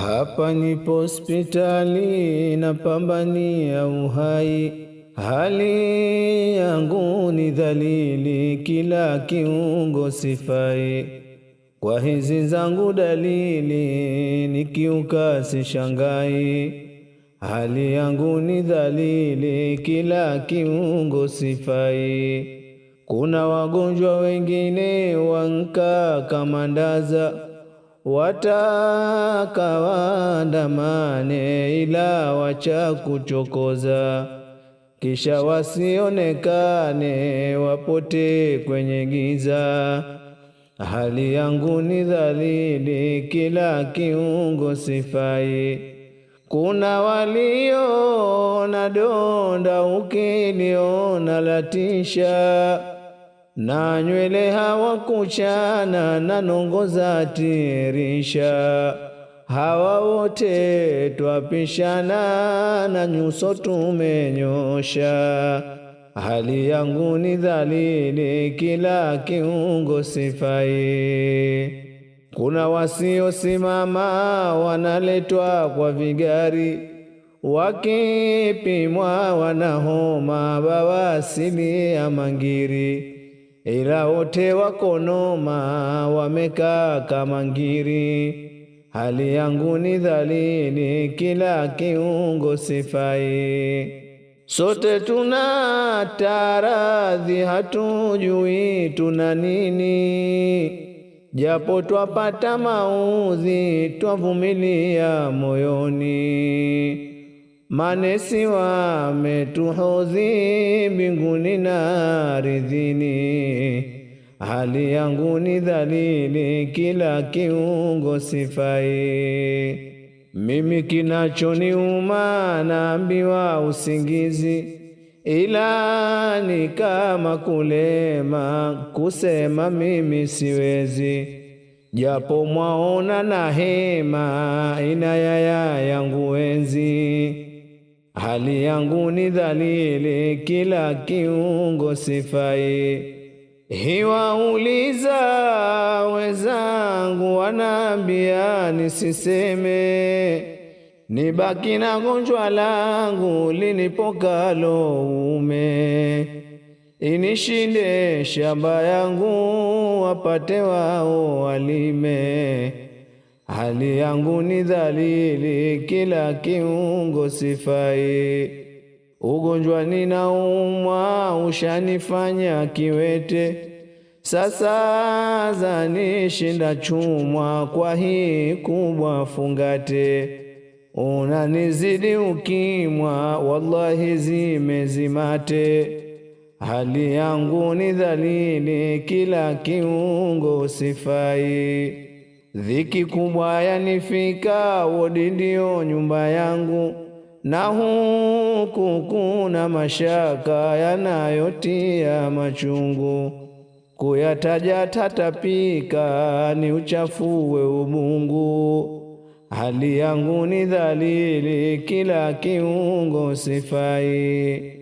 Hapa nipo hospitali napambania uhai, hali yangu ni dhalili, kila kiungo sifai. Kwa hizi zangu dalili, nikiuka sishangai. Hali yangu ni dhalili, kila kiungo sifai. Kuna wagonjwa wengine wanka kamandaza wataka waandamane, ila wacha kuchokoza, kisha wasionekane, wapote kwenye giza. Hali yangu ni dhalili, kila kiungo sifai. Kuna walio na donda, ukiliona latisha na nywele hawakuchana na nongo za tirisha. Hawa wote twapishana na nyuso tumenyosha. Hali yangu ni dhalili, kila kiungo sifai. Kuna wasiosimama wanaletwa kwa vigari, wakipimwa wanahoma bawasili ya mangiri ila wote wakonoma, wamekaa kama ngiri. Hali yangu ni dhalili, kila kiungo sifai. Sote tuna taradhi, hatujui tuna nini. Japo twapata maudhi, twavumilia moyoni. Manesi wametuhozi mbinguni na ardhini, hali yangu ni dhalili, kila kiungo sifai. Mimi kinachoniuma naambiwa usingizi, ila ni kama kulema, kusema mimi siwezi, japo mwaona na hema, ina yaya yangu enzi hali yangu ni dhalili, kila kiungo sifai. Hiwauliza wezangu, wanaambia nisiseme, nibaki na gonjwa langu linipokalo ume, inishinde shamba yangu, wapate wao walime hali yangu ni dhalili, kila kiungo sifai. Ugonjwa ninaumwa ushanifanya kiwete, sasa zanishinda chumwa, kwa hii kubwa fungate. Unanizidi ukimwa, wallahi zimezimate. Hali yangu ni dhalili, kila kiungo sifai Dhiki kubwa yanifika, wodi ndio nyumba yangu, na huku kuna mashaka yanayotia machungu, kuyataja tatapika, ni uchafuwe ubungu. Hali yangu ni dhalili, kila kiungo sifai,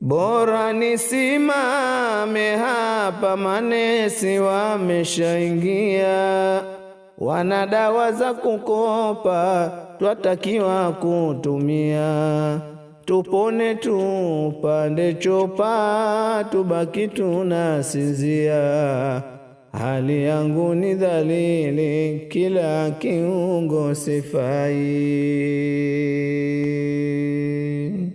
bora nisimame hapa, manesi wameshaingia wana dawa za kukopa, twatakiwa kutumia, tupone tupande chopa, tubaki tunasinzia. Hali yangu ni dhalili, kila kiungo sifai